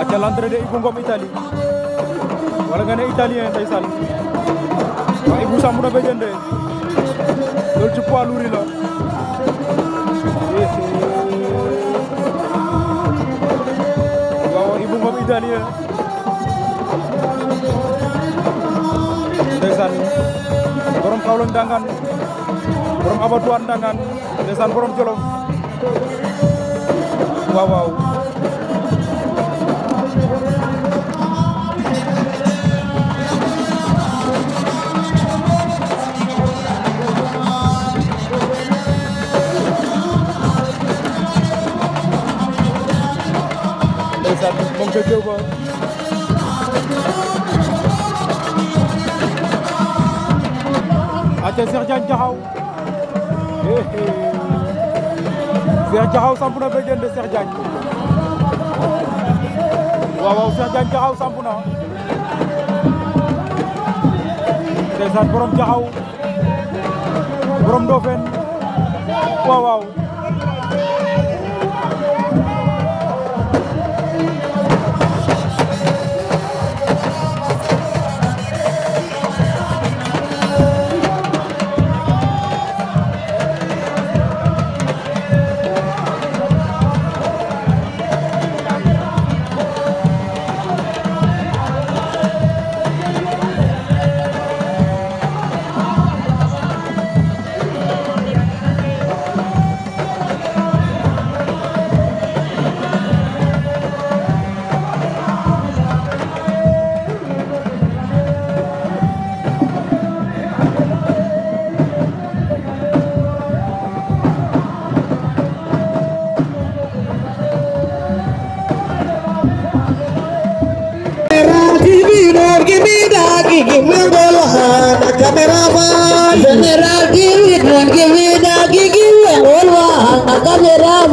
ak lantre de ibu Ngom itali wala nga ne ibu ndeysaan waaye Ibou Ibu na bëjënde loolu ci poids lourd la waaw Ibou Ngom italien ndeysaan borom Kaolack ndangaan borom abattoir borom moom ca géew ba aca Cheikh Diagne Diakhao Cheikh eh. Diakhao samp na béjjén de Cheikh Diagne waaw waaw Cheikh Diagne Diakhao samp na ndeysaan borom Diakhao borom Ndofène waaw give me the hand, camera man. Camera, give it, give it, give it, give it, give it, give it, give it, give it, give it, give it,